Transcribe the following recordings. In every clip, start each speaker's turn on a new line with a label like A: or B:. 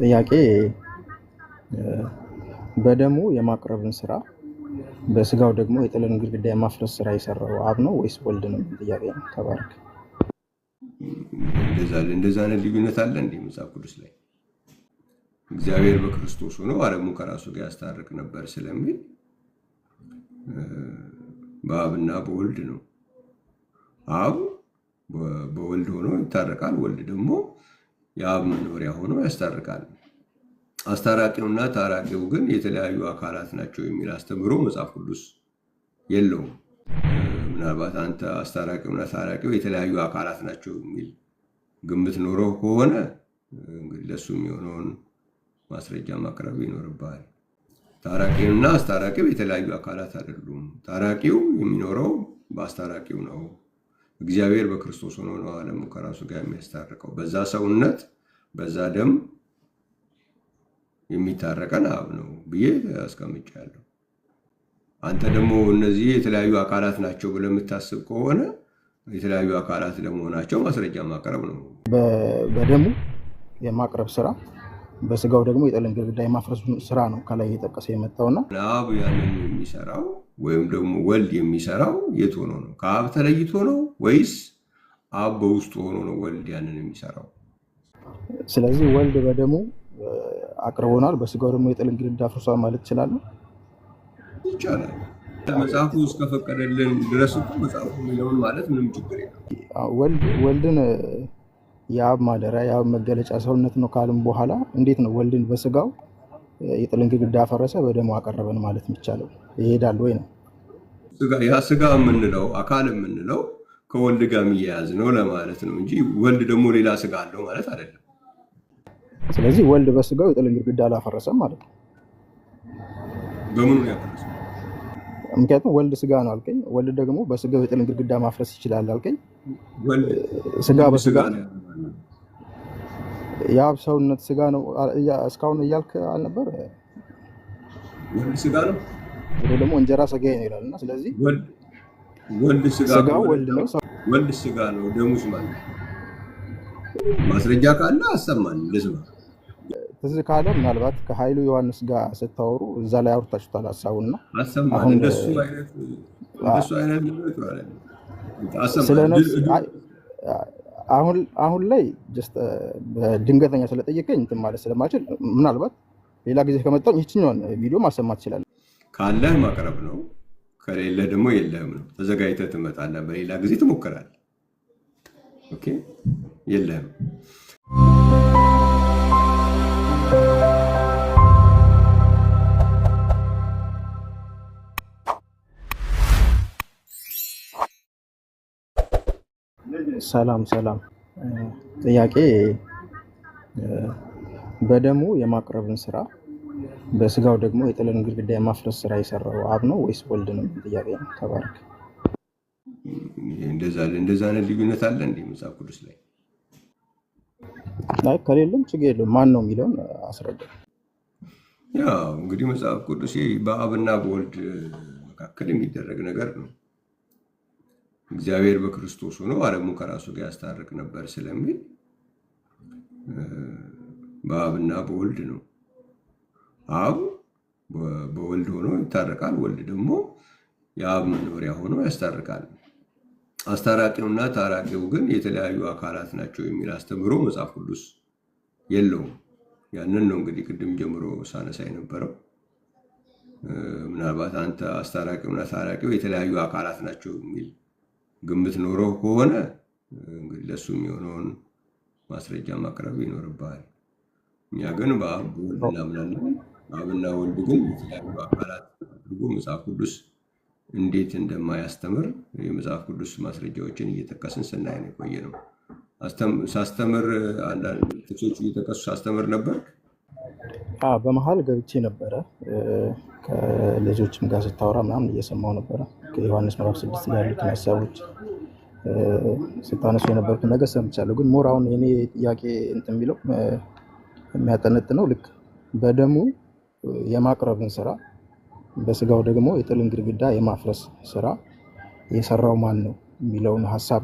A: ጥያቄ በደሙ የማቅረብን ስራ በስጋው ደግሞ የጥልን ግድግዳ የማፍረስ ስራ የሰራው አብ ነው ወይስ ወልድ ነው? ጥያቄ ነው። ተባረክ።
B: እንደዛ ልዩነት አለ እንደ መጽሐፍ ቅዱስ ላይ እግዚአብሔር በክርስቶስ ሆኖ ዓለሙን ከራሱ ጋር ያስታርቅ ነበር ስለሚል በአብና በወልድ ነው። አብ በወልድ ሆኖ ይታረቃል። ወልድ ደግሞ የአብ መኖሪያ ሆኖ ያስታርቃል። አስታራቂውና ታራቂው ግን የተለያዩ አካላት ናቸው የሚል አስተምህሮ መጽሐፍ ቅዱስ የለውም። ምናልባት አንተ አስታራቂውና ታራቂው የተለያዩ አካላት ናቸው የሚል ግምት ኖረው ከሆነ እንግዲህ ለሱ የሚሆነውን ማስረጃ ማቅረብ ይኖርብሃል። ታራቂውና አስታራቂው የተለያዩ አካላት አይደሉም። ታራቂው የሚኖረው በአስታራቂው ነው። እግዚአብሔር በክርስቶስ ሆኖ ነው ዓለሙን ከራሱ ጋር የሚያስታርቀው። በዛ ሰውነት በዛ ደም የሚታረቀን አብ ነው ብዬ ያለው አንተ ደግሞ እነዚህ የተለያዩ አካላት ናቸው ብለህ የምታስብ ከሆነ የተለያዩ አካላት ለመሆናቸው ማስረጃ ማቅረብ ነው።
A: በደሙ የማቅረብ ስራ፣ በስጋው ደግሞ የጠለን ግድግዳ የማፍረሱ ስራ ነው ከላይ እየጠቀሰ የመጣውና
B: አብ ያንን የሚሰራው ወይም ደግሞ ወልድ የሚሰራው የት ሆኖ ነው? ከአብ ተለይቶ ነው ወይስ አብ በውስጡ ሆኖ ነው ወልድ ያንን የሚሰራው?
A: ስለዚህ ወልድ በደሙ አቅርቦናል፣ በስጋው ደግሞ የጥልን ግድግዳ አፍርሷል ማለት ይችላለን።
B: ይቻላል መጽሐፉ እስከፈቀደልን ድረስ መጽሐፉ የሚለውን ማለት ምንም ችግር
A: ወልድን የአብ ማደሪያ የአብ መገለጫ ሰውነት ነው ካልም በኋላ እንዴት ነው ወልድን በስጋው የጥልን ግድግዳ አፈረሰ፣ በደሞ አቀረበን ማለት የሚቻለው ይሄዳል ወይ ነው።
B: ያ ስጋ የምንለው አካል የምንለው ከወልድ ጋር የሚያያዝ ነው ለማለት ነው እንጂ ወልድ ደግሞ ሌላ ስጋ አለው ማለት አይደለም።
A: ስለዚህ ወልድ በስጋው የጥልን ግድግዳ አላፈረሰም ማለት ነው።
B: በምኑ ያፈረሰ?
A: ምክንያቱም ወልድ ስጋ ነው አልከኝ። ወልድ ደግሞ በስጋው የጥልን ግድግዳ ማፍረስ ይችላል አልከኝ። ስጋ በስጋ የአብ ሰውነት ስጋ ነው እስካሁን እያልክ አልነበር?
B: ወልድ ስጋ ነው
A: ደግሞ እንጀራ ስጋ ነው ይላል እና ስለዚህ
B: ስጋው ወልድ ነው፣ ወልድ ስጋ ነው ደሙስ ማለት ማስረጃ ካለ አሰማን ልስማ።
A: ትዝ ካለ ምናልባት ከሀይሉ ዮሐንስ ጋር ስታወሩ እዛ ላይ አውርታችሁታል ሀሳቡና ስለ አሁን ላይ uh, ድንገተኛ ስለጠየቀኝ እንትን ማለት ስለማችል ምናልባት ሌላ ጊዜ ከመጣሁ ይችኛውን ቪዲዮ ማሰማት ይችላል።
B: ካለህ ማቅረብ ነው፣ ከሌለ ደግሞ የለህም ነው። ተዘጋጅተህ ትመጣለህ። በሌላ ጊዜ ትሞክራለህ። ኦኬ የለህም
A: ሰላም ሰላም። ጥያቄ በደሙ የማቅረብን ስራ በስጋው ደግሞ የጥልን ግድግዳ የማፍረስ ስራ የሰራው አብ ነው ወይስ ወልድ ነው? ጥያቄ ነው። ተባረክ።
B: እንደዛ ነ ልዩነት አለ እንደ መጽሐፍ ቅዱስ ላይ
A: ላይ ከሌለም ችግር የለውም። ማን ነው የሚለውን አስረዳ።
B: ያው እንግዲህ መጽሐፍ ቅዱስ በአብና በወልድ መካከል የሚደረግ ነገር ነው። እግዚአብሔር በክርስቶስ ሆኖ ዓለሙ ከራሱ ጋር ያስታርቅ ነበር ስለሚል በአብና በወልድ ነው። አብ በወልድ ሆኖ ይታረቃል። ወልድ ደግሞ የአብ መኖሪያ ሆኖ ያስታርቃል። አስታራቂውና ታራቂው ግን የተለያዩ አካላት ናቸው የሚል አስተምሮ መጽሐፍ ቅዱስ የለውም። ያንን ነው እንግዲህ ቅድም ጀምሮ ሳነሳ የነበረው። ምናልባት አንተ አስታራቂውና ታራቂው የተለያዩ አካላት ናቸው የሚል ግምት ኖሮ ከሆነ እንግዲህ ለእሱ የሚሆነውን ማስረጃ ማቅረብ ይኖርብሃል። እኛ ግን በአብ በወልድ እናምናለን። አብና ወልድ ግን የተለያዩ አካላት አድርጎ መጽሐፍ ቅዱስ እንዴት እንደማያስተምር የመጽሐፍ ቅዱስ ማስረጃዎችን እየጠቀስን ስናይ ነው የቆየ ነው። ሳስተምር አንዳንድ ጥቅሶች እየጠቀሱ ሳስተምር ነበር።
A: በመሀል ገብቼ ነበረ። ከልጆችም ጋር ስታወራ ምናምን እየሰማው ነበረ። ዮሐንስ ምዕራፍ ስድስት ላይ ያሉትን ሀሳቦች ስታነሱ የነበሩትን ነገር ሰምቻለሁ። ግን ሞር አሁን የኔ ጥያቄ እንትን የሚለው የሚያጠነጥነው ልክ በደሙ የማቅረብን ስራ በስጋው ደግሞ የጥልን ግድግዳ የማፍረስ ስራ የሰራው ማን ነው የሚለውን ሀሳብ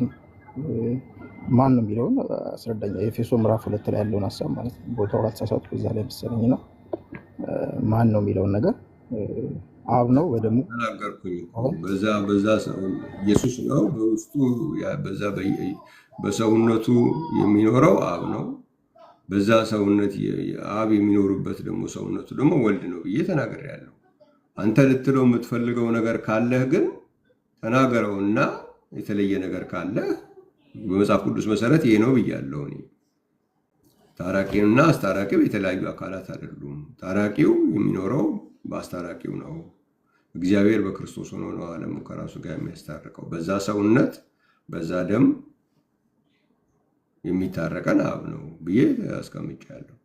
A: ማን ነው የሚለውን አስረዳኛ። የኤፌሶ ምዕራፍ ሁለት ላይ ያለውን ሀሳብ ማለት ነው። ቦታው አልተሳሳትኩ እዛ ላይ መሰለኝ ነው። ማን ነው የሚለውን ነገር አብ ነው ወይ
B: ተናገርኩኝ። በዛ በዛ ኢየሱስ ነው። በውስጡ በዛ በሰውነቱ የሚኖረው አብ ነው። በዛ ሰውነት አብ የሚኖሩበት ደግሞ ሰውነቱ ደግሞ ወልድ ነው ብዬ ያለው። አንተ ልትለው የምትፈልገው ነገር ካለህ ግን ተናገረውና የተለየ ነገር ካለህ በመጽሐፍ ቅዱስ መሰረት ይሄ ነው ብያለሁ እኔ። ታራቂና አስታራቂው የተለያዩ አካላት አይደሉም። ታራቂው የሚኖረው በአስታራቂው ነው። እግዚአብሔር በክርስቶስ ሆኖ ነው ዓለሙ ከራሱ ጋር የሚያስታርቀው። በዛ ሰውነት በዛ ደም የሚታረቀን አብ ነው ብዬ አስቀምጫለሁ።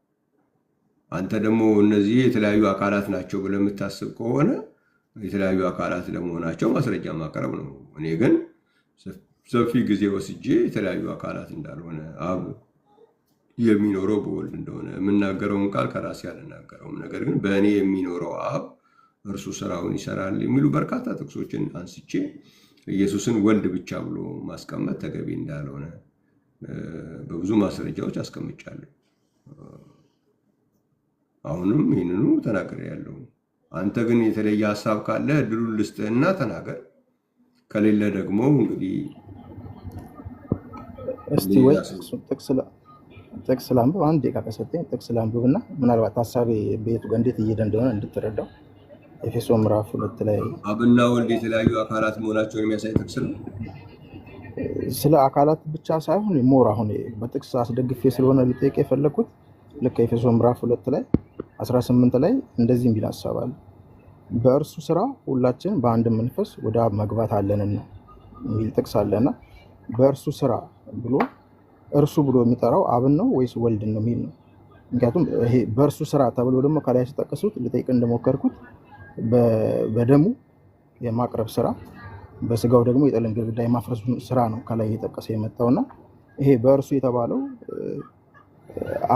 B: አንተ ደግሞ እነዚህ የተለያዩ አካላት ናቸው ብለህ የምታስብ ከሆነ የተለያዩ አካላት ለመሆናቸው ማስረጃ ማቅረብ ነው። እኔ ግን ሰፊ ጊዜ ወስጄ የተለያዩ አካላት እንዳልሆነ አብ የሚኖረው በወልድ እንደሆነ የምናገረውን ቃል ከራሴ አልናገረውም፣ ነገር ግን በእኔ የሚኖረው አብ እርሱ ስራውን ይሰራል የሚሉ በርካታ ጥቅሶችን አንስቼ ኢየሱስን ወልድ ብቻ ብሎ ማስቀመጥ ተገቢ እንዳልሆነ በብዙ ማስረጃዎች አስቀምጫለሁ። አሁንም ይህንኑ ተናግሬያለሁ። አንተ ግን የተለየ ሀሳብ ካለ እድሉን ልስጥህና ተናገር። ከሌለ ደግሞ እንግዲህ
A: ጥቅስ ላንብብ። አንድ ደቂቃ ከሰጠኝ ጥቅስ ላንብብ እና ምናልባት ሀሳቢ ቤቱ እንዴት እየሄደ እንደሆነ እንድትረዳው ኤፌሶ ምዕራፍ ሁለት ላይ
B: አብና ወልድ የተለያዩ አካላት መሆናቸውን የሚያሳይ ጥቅስ ነው።
A: ስለ አካላት ብቻ ሳይሆን ሞር አሁን በጥቅስ አስደግፌ ስለሆነ ልጠይቅ የፈለግኩት ልክ ኤፌሶ ምዕራፍ ሁለት ላይ 18 ላይ እንደዚህ የሚል ሀሳብ አለ። በእርሱ ስራ ሁላችን በአንድ መንፈስ ወደ አብ መግባት አለንና የሚል ጥቅስ አለና በእርሱ ስራ ብሎ እርሱ ብሎ የሚጠራው አብን ነው ወይስ ወልድን ነው የሚል ነው። ምክንያቱም ይሄ በእርሱ ስራ ተብሎ ደግሞ ከላይ ሲጠቀሱት ልጠይቅ እንደሞከርኩት በደሙ የማቅረብ ስራ በስጋው ደግሞ የጠለን ግድግዳ የማፍረሱ ስራ ነው ከላይ እየጠቀሰ የመጣውና ይሄ በእርሱ የተባለው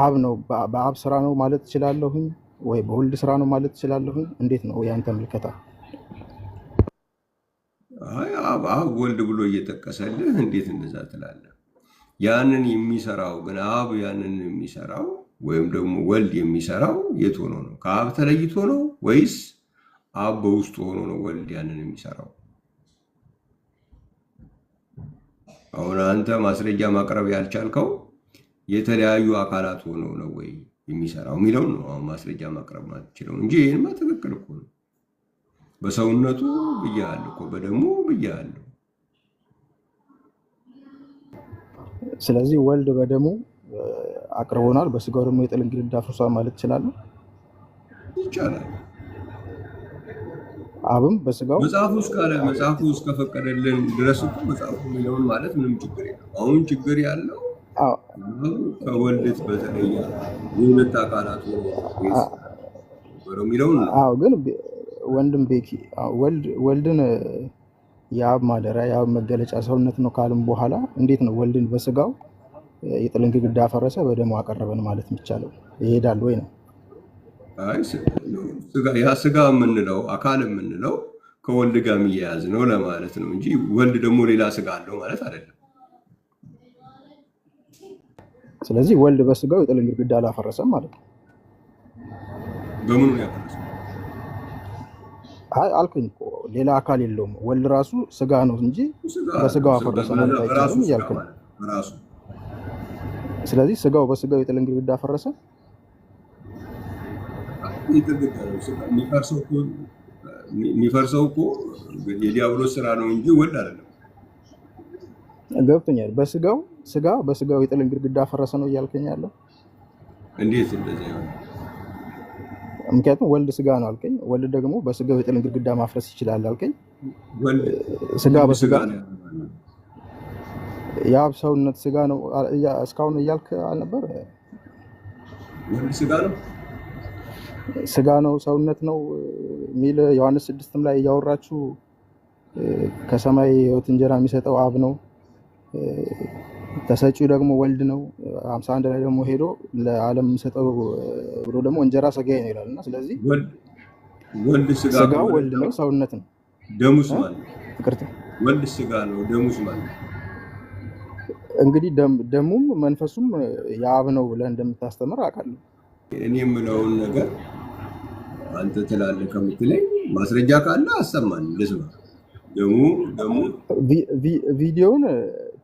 A: አብ ነው። በአብ ስራ ነው ማለት ትችላለሁኝ ወይ በወልድ ስራ ነው ማለት ትችላለሁኝ? እንዴት ነው ያንተ ምልከታ?
B: አብ ወልድ ብሎ እየጠቀሰልህ እንዴት እንደዛ ትላለህ? ያንን የሚሰራው ግን አብ ያንን የሚሰራው ወይም ደግሞ ወልድ የሚሰራው የት ሆኖ ነው? ከአብ ተለይቶ ነው ወይስ አብ በውስጡ ሆኖ ነው ወልድ ያንን የሚሰራው? አሁን አንተ ማስረጃ ማቅረብ ያልቻልከው የተለያዩ አካላት ሆኖ ነው ወይ የሚሰራው የሚለው ነው። አሁን ማስረጃ ማቅረብ ማትችለው እንጂ ይህንማ ትክክል እኮ ነው። በሰውነቱ ብያለሁ እኮ በደሙ ብያለሁ
A: ስለዚህ ወልድ በደሙ አቅርቦናል፣ በስጋው ደግሞ የጥል እንግዲህ እንዳፍርሷል ማለት ይችላለን። አብም በስጋው
B: መጽሐፉ እስካለ መጽሐፉ እስከፈቀደልን ድረስ መጽሐፉ የሚለውን ማለት ምንም ችግር የለም። አሁን ችግር ያለው ከወልድት በተለየ የሁለት አካላት ነው የሚለውን
A: ግን ወንድም ቤኪ ወልድን የአብ ማደሪያ የአብ መገለጫ ሰውነት ነው ካልም በኋላ እንዴት ነው ወልድን በስጋው የጥልን ግድግዳ አፈረሰ በደሞ አቀረበን ማለት የሚቻለው ይሄዳል ወይ ነው?
B: ያ ስጋ የምንለው አካል የምንለው ከወልድ ጋር የሚያያዝ ነው ለማለት ነው እንጂ ወልድ ደግሞ ሌላ ስጋ አለው ማለት አይደለም።
A: ስለዚህ ወልድ በስጋው የጥልን ግድግዳ አላፈረሰም ማለት ነው።
B: በምኑ ያፈረሰው?
A: አይ አልኩኝ እኮ ሌላ አካል የለውም። ወልድ ራሱ ስጋ ነው እንጂ በስጋው አፈረሰ ማለት
B: አይቻልም ነው።
A: ስለዚህ ስጋው በስጋው የጥልን ግድግዳ አፈረሰ።
B: የሚፈርሰው እኮ ስራ ነው እንጂ ወልድ አይደለም።
A: ገብቶኛል። በስጋው ስጋ በስጋው የጥልን ግድግዳ አፈረሰ ነው እያልከኝ ያለው
B: እንዴት እንደዚህ
A: ምክንያቱም ወልድ ስጋ ነው አልከኝ። ወልድ ደግሞ በስጋ የጥልን ግድግዳ ማፍረስ ይችላል አልከኝ። ስጋ በስጋ የአብ ሰውነት ስጋ ነው እስካሁን እያልክ አልነበር? ስጋ ነው ሰውነት ነው የሚል ዮሐንስ ስድስትም ላይ እያወራችሁ ከሰማይ ህይወት እንጀራ የሚሰጠው አብ ነው ተሰጪው ደግሞ ወልድ ነው። ሀምሳ አንድ ላይ ደግሞ ሄዶ ለዓለም ሰጠው ብሎ ደግሞ እንጀራ ስጋዬ ነው ይላል እና ስለዚህ
B: ስጋው ወልድ ነው፣ ሰውነት ነው፣ ደሙስ
A: ማለት
B: ወልድ ስጋ ነው፣ ደሙስ ማለት
A: እንግዲህ ደሙም መንፈሱም የአብ ነው ብለህ እንደምታስተምር አውቃለሁ።
B: እኔ የምለውን ነገር አንተ ትላለህ ከምትለኝ ማስረጃ ካለ አሰማን ልስማ። ደሙ ደሙ
A: ቪዲዮውን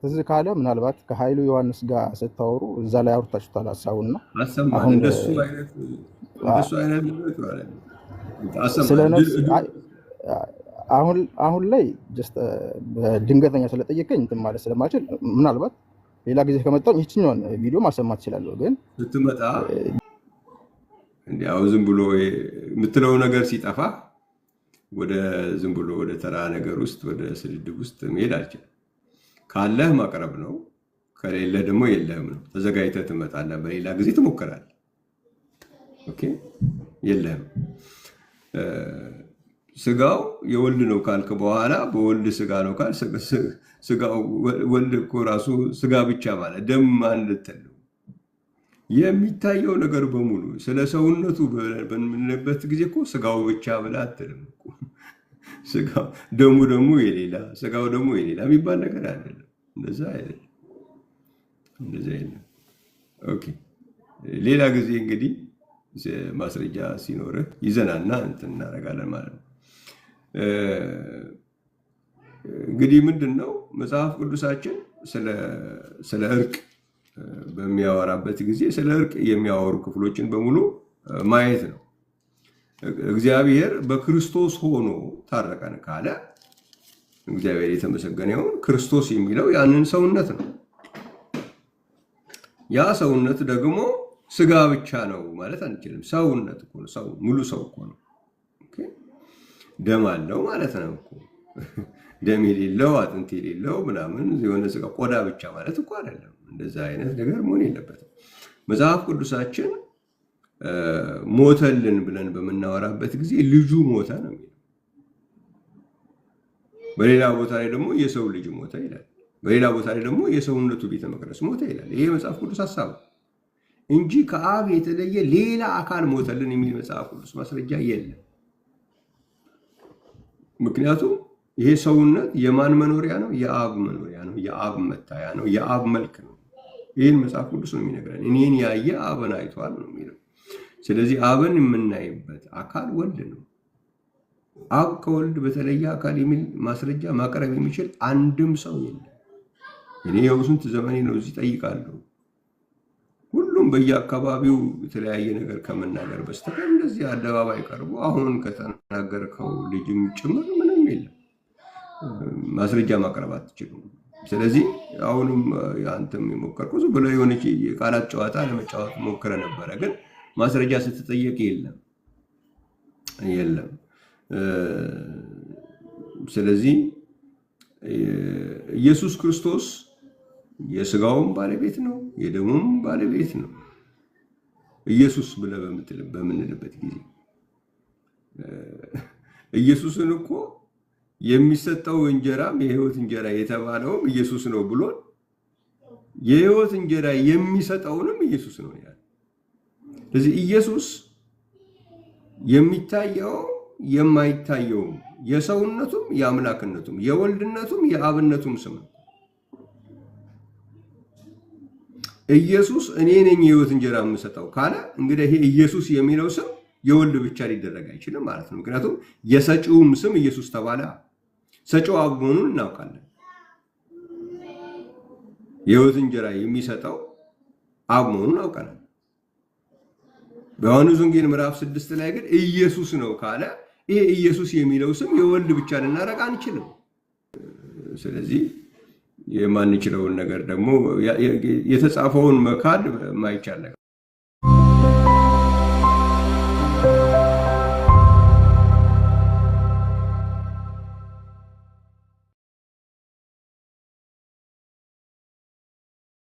A: ትዝ ካለ ምናልባት ከሀይሉ ዮሐንስ ጋር ስታወሩ እዛ ላይ አውርታችሁታል ሀሳቡና አሁን ላይ uh, ድንገተኛ ስለጠየቀኝ እንትን ማለት ስለማልችል ምናልባት ሌላ ጊዜ ከመጣሁ ይችኛውን ቪዲዮ ማሰማት እችላለሁ። ግን
B: ስትመጣ እንዲያው ዝም ብሎ የምትለው ነገር ሲጠፋ ወደ ዝም ብሎ ወደ ተራ ነገር ውስጥ ወደ ስድድብ ውስጥ መሄድ አልችልም። ካለህ ማቅረብ ነው፣ ከሌለ ደግሞ የለህም ነው። ተዘጋጅተህ ትመጣለህ፣ በሌላ ጊዜ ትሞክራለህ። የለህም ስጋው የወልድ ነው ካልክ በኋላ በወልድ ስጋ ነው ካል ወልድ እኮ ራሱ ስጋ ብቻ ማለት ደም ማንልትል ነው የሚታየው ነገር በሙሉ ስለ ሰውነቱ በምንልበት ጊዜ እኮ ስጋው ብቻ ብላ አትልም። ደሙ ደግሞ የሌላ ስጋው ደግሞ የሌላ የሚባል ነገር አይደለም። እንደዛ አይደለም። እንደዛ ኦኬ፣ ሌላ ጊዜ እንግዲህ ማስረጃ ሲኖርህ ይዘናና እንትን እናደርጋለን ማለት ነው። እንግዲህ ምንድን ነው መጽሐፍ ቅዱሳችን ስለ እርቅ በሚያወራበት ጊዜ ስለ እርቅ የሚያወሩ ክፍሎችን በሙሉ ማየት ነው። እግዚአብሔር በክርስቶስ ሆኖ ታረቀን ካለ እግዚአብሔር የተመሰገነ ይሁን። ክርስቶስ የሚለው ያንን ሰውነት ነው። ያ ሰውነት ደግሞ ስጋ ብቻ ነው ማለት አንችልም። ሰውነት እኮ ነው። ሰው ሙሉ ሰው እኮ ነው። ደም አለው ማለት ነው እኮ ደም የሌለው አጥንት የሌለው ምናምን የሆነ ስጋ ቆዳ ብቻ ማለት እኮ አይደለም። እንደዛ አይነት ነገር መሆን የለበትም። መጽሐፍ ቅዱሳችን ሞተልን ብለን በምናወራበት ጊዜ ልጁ ሞተ ነው የሚለው። በሌላ ቦታ ላይ ደግሞ የሰው ልጅ ሞተ ይላል። በሌላ ቦታ ላይ ደግሞ የሰውነቱ ቤተ መቅደስ ሞተ ይላል። ይሄ መጽሐፍ ቅዱስ ሀሳብ እንጂ ከአብ የተለየ ሌላ አካል ሞተልን የሚል መጽሐፍ ቅዱስ ማስረጃ የለም። ምክንያቱም ይሄ ሰውነት የማን መኖሪያ ነው? የአብ መኖሪያ ነው። የአብ መታያ ነው። የአብ መልክ ነው። ይህን መጽሐፍ ቅዱስ ነው የሚነግረን። እኔን ያየ አብን አይቷል ነው የሚለው ስለዚህ አብን የምናይበት አካል ወልድ ነው። አብ ከወልድ በተለየ አካል የሚል ማስረጃ ማቅረብ የሚችል አንድም ሰው የለም። እኔ የውስንት ስንት ዘመኔ ነው እዚህ ጠይቃለሁ። ሁሉም በየአካባቢው የተለያየ ነገር ከመናገር በስተቀር እንደዚህ አደባባይ ቀርቦ አሁን ከተናገርከው ልጅም ጭምር ምንም የለም። ማስረጃ ማቅረብ አትችልም። ስለዚህ አሁንም አንተም የሞከርኩ ብሎ የሆነች የቃላት ጨዋታ ለመጫወት ሞክረ ነበረ ግን ማስረጃ ስትጠየቅ የለም የለም። ስለዚህ ኢየሱስ ክርስቶስ የስጋውም ባለቤት ነው፣ የደሙም ባለቤት ነው። ኢየሱስ ብለህ በምንልበት ጊዜ ኢየሱስን እኮ የሚሰጠው እንጀራም የህይወት እንጀራ የተባለውም ኢየሱስ ነው ብሎን የህይወት እንጀራ የሚሰጠውንም ኢየሱስ ነው። ስለዚህ ኢየሱስ የሚታየው የማይታየውም የሰውነቱም የአምላክነቱም የወልድነቱም የአብነቱም ስም ኢየሱስ እኔ ነኝ የህይወት እንጀራ የምሰጠው ካለ እንግዲህ ይሄ ኢየሱስ የሚለው ስም የወልድ ብቻ ሊደረግ አይችልም ማለት ነው። ምክንያቱም የሰጪውም ስም ኢየሱስ ተባለ። ሰጪው አብ መሆኑን እናውቃለን። የህይወት እንጀራ የሚሰጠው አብ መሆኑን እናውቃለን። በዮሐንስ ወንጌል ምዕራፍ ስድስት ላይ ግን ኢየሱስ ነው ካለ ይሄ ኢየሱስ የሚለው ስም የወልድ ብቻ ልናደርግ አንችልም። ስለዚህ የማንችለውን ነገር ደግሞ የተጻፈውን መካድ ማይቻል ነገር